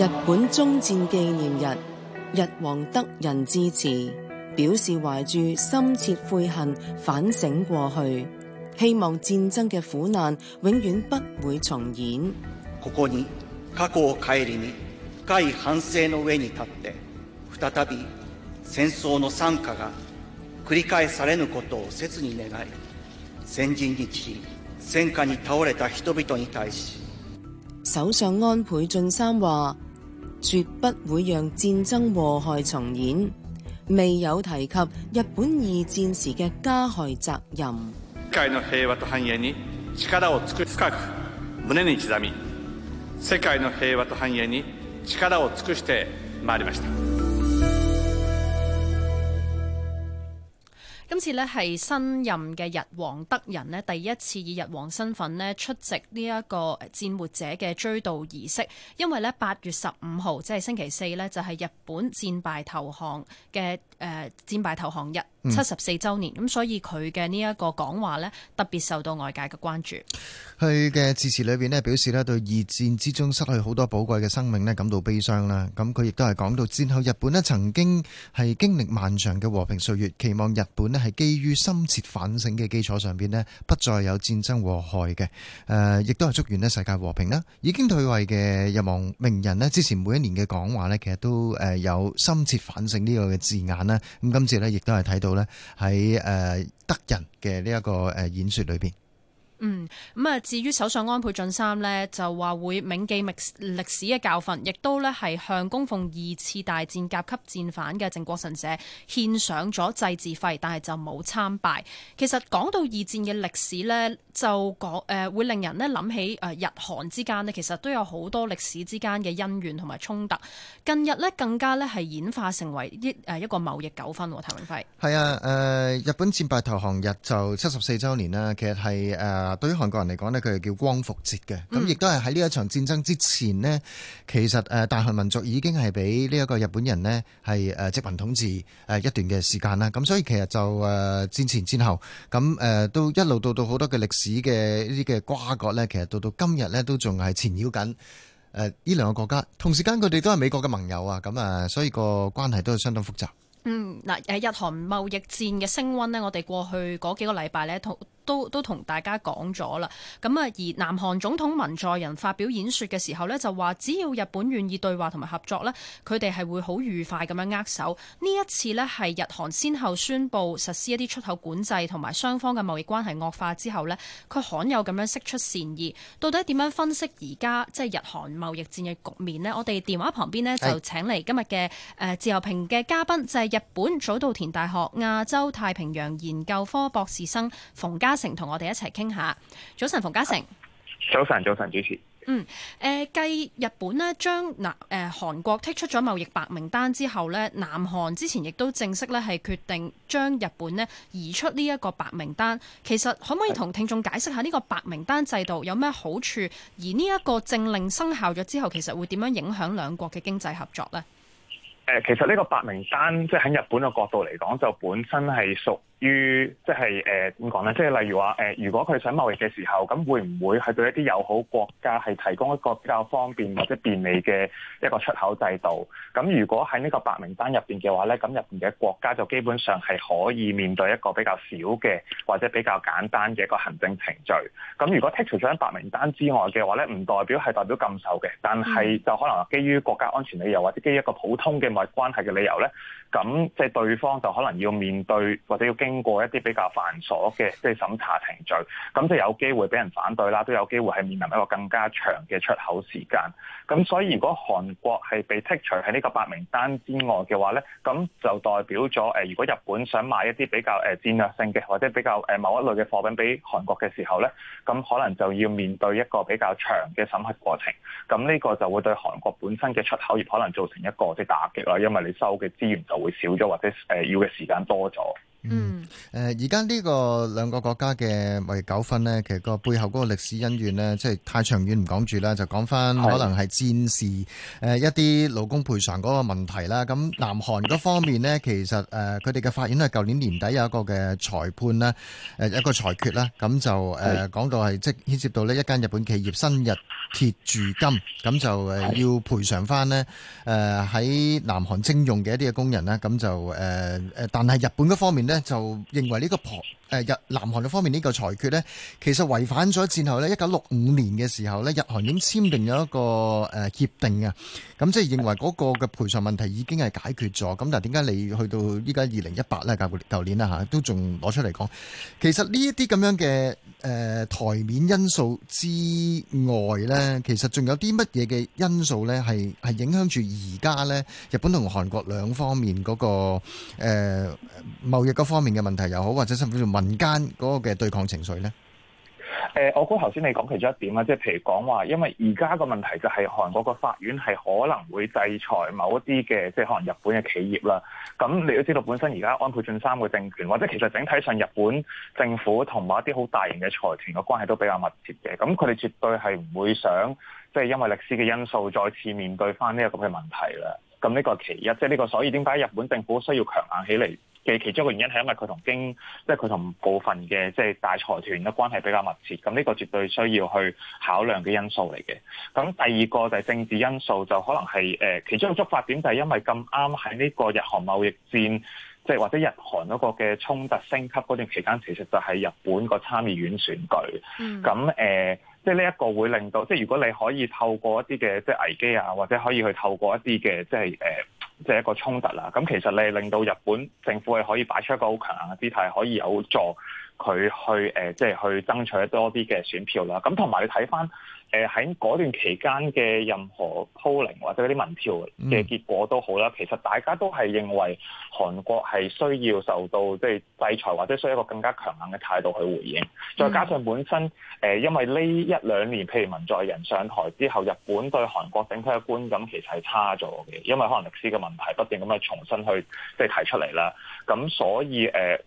日本終戰紀念日，日皇德仁致詞表示懷住深切悔恨、反省過去、希望戰爭嘅苦難永遠不會重演。ここに過去を顧み、深い反省の上に立って、再び戦爭の慘禍が繰り返されぬことを切に願い、先人に戦禍に倒れた人々に対し。首相安倍晉三話，絕不會讓戰爭禍害重演，未有提及日本二戰時嘅加害責任。世界の平和と繁栄に力を盡くす覚悟を胸に刻み、世界の平和と繁栄に力を盡くしてまいりました。今次呢，係新任嘅日皇德仁呢，第一次以日皇身份呢出席呢一個戰歿者嘅追悼儀式，因為呢，八月十五號，即係星期四呢，就係、是、日本戰敗投降嘅誒、呃、戰敗投降日七十四周年，咁所以佢嘅呢一個講話呢，特別受到外界嘅關注。佢嘅致辭裏邊呢，表示呢對二戰之中失去好多寶貴嘅生命呢感到悲傷啦，咁佢亦都係講到戰後日本呢曾經係經歷漫長嘅和平歲月，期望日本呢。係基於深切反省嘅基礎上邊呢，不再有戰爭禍害嘅，誒，亦都係祝願咧世界和平啦。已經退位嘅日王明仁呢，之前每一年嘅講話呢，其實都誒有深切反省呢個嘅字眼啦。咁今次呢，亦都係睇到呢喺誒德仁嘅呢一個誒演說裏邊。嗯，咁啊，至於首相安倍晉三呢，就話會銘記歷史嘅教訓，亦都呢係向供奉二次大戰甲級戰犯嘅靖國神社獻上咗祭祀費，但係就冇參拜。其實講到二戰嘅歷史呢，就講誒、呃、會令人呢諗起誒日韓之間呢，其實都有好多歷史之間嘅恩怨同埋衝突。近日呢，更加呢係演化成為一誒一個貿易糾紛。譚永輝，係啊，誒、呃、日本戰敗投降日就七十四週年啦，其實係誒。呃啊，對於韓國人嚟講呢，佢係叫光復節嘅，咁亦都係喺呢一場戰爭之前呢、嗯、其實誒大韓民族已經係俾呢一個日本人呢係誒殖民統治誒一段嘅時間啦。咁所以其實就誒戰前戰後咁誒都一路到到好多嘅歷史嘅呢啲嘅瓜葛呢，其實到到今日呢都仲係纏繞緊誒呢兩個國家。同時間佢哋都係美國嘅盟友啊，咁啊，所以個關係都係相當複雜。嗯，嗱誒，日韓貿易戰嘅升溫呢，我哋過去嗰幾個禮拜呢。同。都都同大家講咗啦，咁啊而南韓總統文在寅發表演說嘅時候咧，就話只要日本願意對話同埋合作咧，佢哋係會好愉快咁樣握手。呢一次咧係日韓先後宣佈實施一啲出口管制同埋雙方嘅貿易關係惡化之後咧，佢罕有咁樣釋出善意。到底點樣分析而家即係日韓貿易戰嘅局面咧？我哋電話旁邊咧就請嚟今日嘅誒自由評嘅嘉賓就係、是、日本早稻田大學亞洲太平洋研究科博士生馮嘉。成同我哋一齊傾下，早晨馮嘉誠，早晨早晨主持。嗯，誒、呃，繼日本咧將南誒韓國剔出咗貿易白名單之後咧，南韓之前亦都正式咧係決定將日本咧移出呢一個白名單。其實可唔可以同聽眾解釋下呢個白名單制度有咩好處？而呢一個政令生效咗之後，其實會點樣影響兩國嘅經濟合作呢？誒、呃，其實呢個白名單即係喺日本嘅角度嚟講，就本身係屬。於即係誒點講咧？即係、呃、例如話誒、呃，如果佢想貿易嘅時候，咁會唔會係對一啲友好國家係提供一個比較方便或者便利嘅一個出口制度？咁如果喺呢個白名單入邊嘅話咧，咁入邊嘅國家就基本上係可以面對一個比較少嘅或者比較簡單嘅一個行政程序。咁如果剔除咗喺白名單之外嘅話咧，唔代表係代表禁售嘅，但係就可能基於國家安全理由或者基於一個普通嘅貿易關係嘅理由咧，咁即係對方就可能要面對或者要經。經過一啲比較繁瑣嘅即係審查程序，咁就有機會俾人反對啦，都有機會係面臨一個更加長嘅出口時間。咁所以，如果韓國係被剔除喺呢個白名單之外嘅話咧，咁就代表咗誒、呃，如果日本想買一啲比較誒、呃、戰略性嘅或者比較誒、呃、某一類嘅貨品俾韓國嘅時候咧，咁可能就要面對一個比較長嘅審核過程。咁呢個就會對韓國本身嘅出口業可能造成一個即、就是、打擊啦，因為你收嘅資源就會少咗，或者誒、呃、要嘅時間多咗。嗯，誒，而家呢個兩個國家嘅貿易糾紛咧，其實個背後嗰個歷史恩怨咧，即係太長遠唔講住啦，就講翻可能係戰事誒，一啲勞工賠償嗰個問題啦。咁南韓嗰方面咧，其實誒，佢哋嘅法院係舊年年底有一個嘅裁判啦，誒，一個裁決啦，咁就誒講到係即係牽涉到咧一間日本企業新日鐵住金，咁就誒要賠償翻咧誒喺南韓徵用嘅一啲嘅工人啦，咁就誒誒，但係日本嗰方面咧。就認為呢個婆誒日南韓嘅方面呢個裁決咧，其實違反咗戰後咧一九六五年嘅時候咧，日韓已經簽訂咗一個誒協定㗎，咁即係認為嗰個嘅賠償問題已經係解決咗。咁但係點解你去到依家二零一八咧？舊年啦嚇，都仲攞出嚟講，其實呢一啲咁樣嘅誒台面因素之外咧，其實仲有啲乜嘢嘅因素咧，係係影響住而家咧日本同韓國兩方面嗰個誒貿易嗰方面嘅問題又好，或者甚至乎咩。民間嗰個嘅對抗情緒咧？誒、呃，我估頭先你講其中一點啊，即係譬如講話，因為而家個問題就係韓國個法院係可能會制裁某一啲嘅，即係可能日本嘅企業啦。咁你都知道本身而家安倍晉三個政權，或者其實整體上日本政府同某一啲好大型嘅財團個關係都比較密切嘅。咁佢哋絕對係唔會想，即、就、係、是、因為歷史嘅因素再次面對翻呢個咁嘅問題啦。咁呢個其一，即係呢個所以點解日本政府需要強硬起嚟？嘅其中一個原因係因為佢同經，即係佢同部分嘅即係大財團嘅關係比較密切，咁呢個絕對需要去考量嘅因素嚟嘅。咁第二個就係政治因素，就可能係誒其中一個觸發點就係因為咁啱喺呢個日韓貿易戰，即係或者日韓嗰個嘅衝突升級嗰段期間，其實就係日本個參議院選舉。咁誒、mm.，即係呢一個會令到，即係如果你可以透過一啲嘅即係危機啊，或者可以去透過一啲嘅即係誒。呃即係一個衝突啦，咁其實你令到日本政府係可以擺出一個好強硬嘅姿態，可以有助。佢去誒、呃，即係去爭取多啲嘅選票啦。咁同埋你睇翻誒喺嗰段期間嘅任何 polling 或者嗰啲民調嘅結果都好啦。嗯、其實大家都係認為韓國係需要受到即係制裁，或者需要一個更加強硬嘅態度去回應。嗯、再加上本身誒、呃，因為呢一兩年譬如文在寅上台之後，日本對韓國整體嘅觀感其實係差咗嘅，因為可能歷史嘅問題不斷咁樣重新去即係提出嚟啦。咁所以誒。呃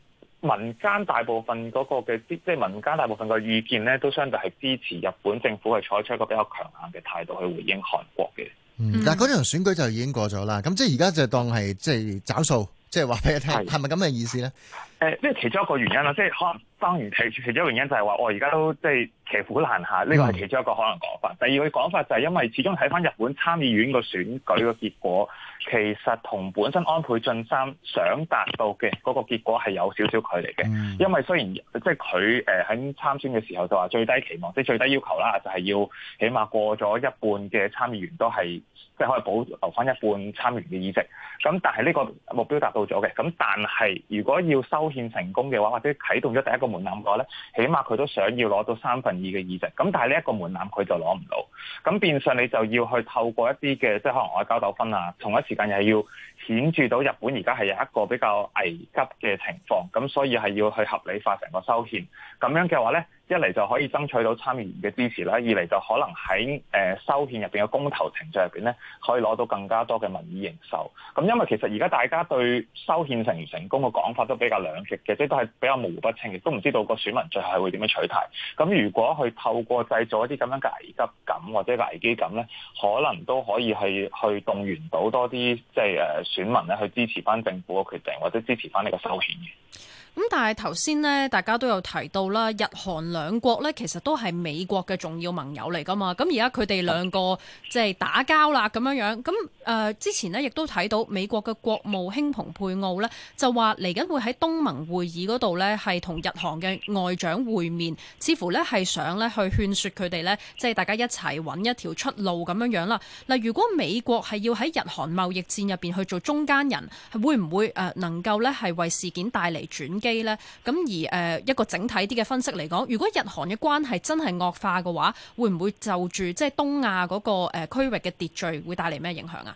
民間大部分嗰個嘅支，即係民間大部分嘅意見咧，都相對係支持日本政府去採取一個比較強硬嘅態度去回應韓國嘅。嗯，嗯，但係嗰場選舉就已經過咗啦，咁即係而家就當係即係找數，即係話俾你聽，係咪咁嘅意思咧？誒、呃，因為其中一個原因啦，即係可能。當然，其其中一個原因就係話，我而家都即係騎虎難下，呢、這個係其中一個可能講法。第二個講法就係因為始終睇翻日本參議院個選舉個結果，其實同本身安倍晉三想達到嘅嗰個結果係有少少距離嘅。因為雖然即係佢誒喺參選嘅時候就話最低期望，即係最低要求啦，就係、是、要起碼過咗一半嘅參議員都係即係可以保留翻一半參議員嘅議席。咁但係呢個目標達到咗嘅，咁但係如果要修憲成功嘅話，或者啟動咗第一個。門檻嘅話咧，起碼佢都想要攞到三分二嘅議席，咁但係呢一個門檻佢就攞唔到，咁變相你就要去透過一啲嘅，即係可能外交糾紛啊，同一時間又要顯著到日本而家係有一個比較危急嘅情況，咁所以係要去合理化成個修憲，咁樣嘅話咧。一嚟就可以爭取到參議員嘅支持啦，二嚟就可能喺誒、呃、修憲入邊嘅公投程序入邊咧，可以攞到更加多嘅民意認受。咁、嗯、因為其實而家大家對修憲成唔成功嘅講法都比較兩極嘅，即都係比較模糊不清的，亦都唔知道個選民最後係會點樣取態。咁、嗯、如果佢透過製造一啲咁樣嘅危急感或者個危機感咧，可能都可以去去動員到多啲即係誒、呃、選民咧去支持翻政府嘅決定，或者支持翻呢個修憲嘅。咁但係頭先咧，大家都有提到啦，日韓兩國咧，其實都係美國嘅重要盟友嚟噶嘛。咁而家佢哋兩個即係打交啦，咁樣樣。咁誒，之前咧亦都睇到美國嘅國務卿蓬佩奧咧，就話嚟緊會喺東盟會議嗰度咧，係同日韓嘅外長會面，似乎咧係想咧去勸說佢哋咧，即係大家一齊揾一條出路咁樣樣啦。嗱，如果美國係要喺日韓貿易戰入邊去做中間人，係會唔會誒能夠咧係為事件帶嚟轉機咧咁而誒一個整體啲嘅分析嚟講，如果日韓嘅關係真係惡化嘅話，會唔會就住即係東亞嗰個誒區域嘅秩序會帶嚟咩影響啊？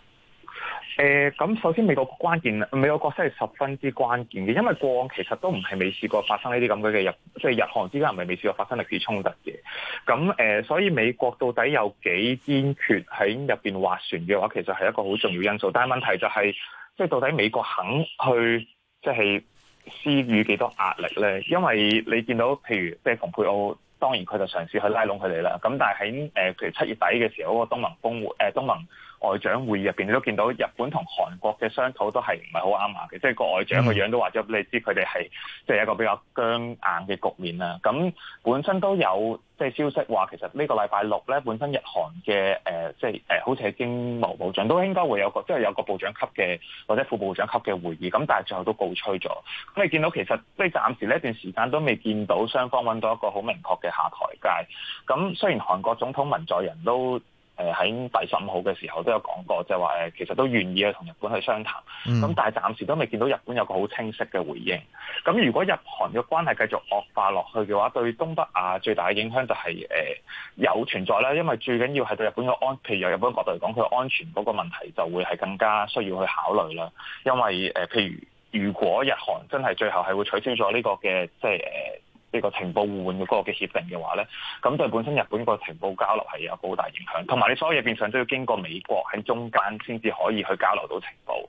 誒、呃，咁首先美國關鍵，美國角色係十分之關鍵嘅，因為過往其實都唔係未試過發生呢啲咁嘅嘅日即係、就是、日韓之間唔係未試過發生歷史衝突嘅。咁誒、呃，所以美國到底有幾堅決喺入邊划船嘅話，其實係一個好重要因素。但係問題就係、是、即係到底美國肯去即係。施予幾多壓力咧？因為你見到譬如，即係蓬佩奧，當然佢就嘗試去拉攏佢哋啦。咁但係喺誒，譬如七月底嘅時候，嗰個東盟峰會，誒東盟，外長會議入邊，你都見到日本同韓國嘅商討都係唔係好啱埋嘅，即係個外長嘅樣都話咗俾你知，佢哋係即係一個比較僵硬嘅局面啦。咁本身都有即係消息話，其實呢個禮拜六咧，本身日韓嘅誒即係誒、呃、好似係經貿部長都應該會有個即係有個部長級嘅或者副部長級嘅會議，咁但係最後都告吹咗。咁你見到其實你暫時呢一段時間都未見到雙方揾到一個好明確嘅下台界。咁雖然韓國總統文在人都。誒喺第十五號嘅時候都有講過，就話誒其實都願意去同日本去商談，咁、嗯、但係暫時都未見到日本有個好清晰嘅回應。咁如果日韓嘅關係繼續惡化落去嘅話，對東北亞最大嘅影響就係、是、誒、呃、有存在啦，因為最緊要係對日本嘅安，譬如由日本角度嚟講，佢安全嗰個問題就會係更加需要去考慮啦。因為誒、呃，譬如如果日韓真係最後係會取消咗呢、這個嘅，即、就、係、是。呢個情報互換嘅嗰個嘅協定嘅話咧，咁對本身日本個情報交流係有好大影響，同埋你所有嘢變相都要經過美國喺中間先至可以去交流到情報。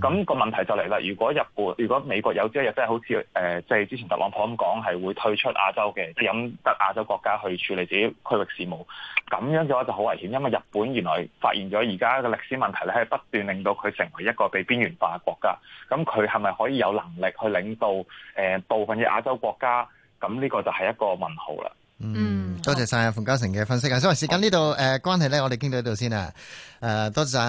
咁、嗯、個問題就嚟啦，如果日本如果美國有朝一日真係好似誒，即、呃、係之前特朗普咁講，係會退出亞洲嘅，即係引得亞洲國家去處理自己區域事務，咁樣嘅話就好危險，因為日本原來發現咗而家嘅歷史問題咧，係不斷令到佢成為一個被邊緣化嘅國家。咁佢係咪可以有能力去領導誒部、呃、分嘅亞洲國家？咁呢個就係一個問號啦。嗯，多謝晒阿馮嘉誠嘅分析啊好所以時間、呃、呢度誒關係咧，我哋傾到呢度先啦誒、呃、多謝晒。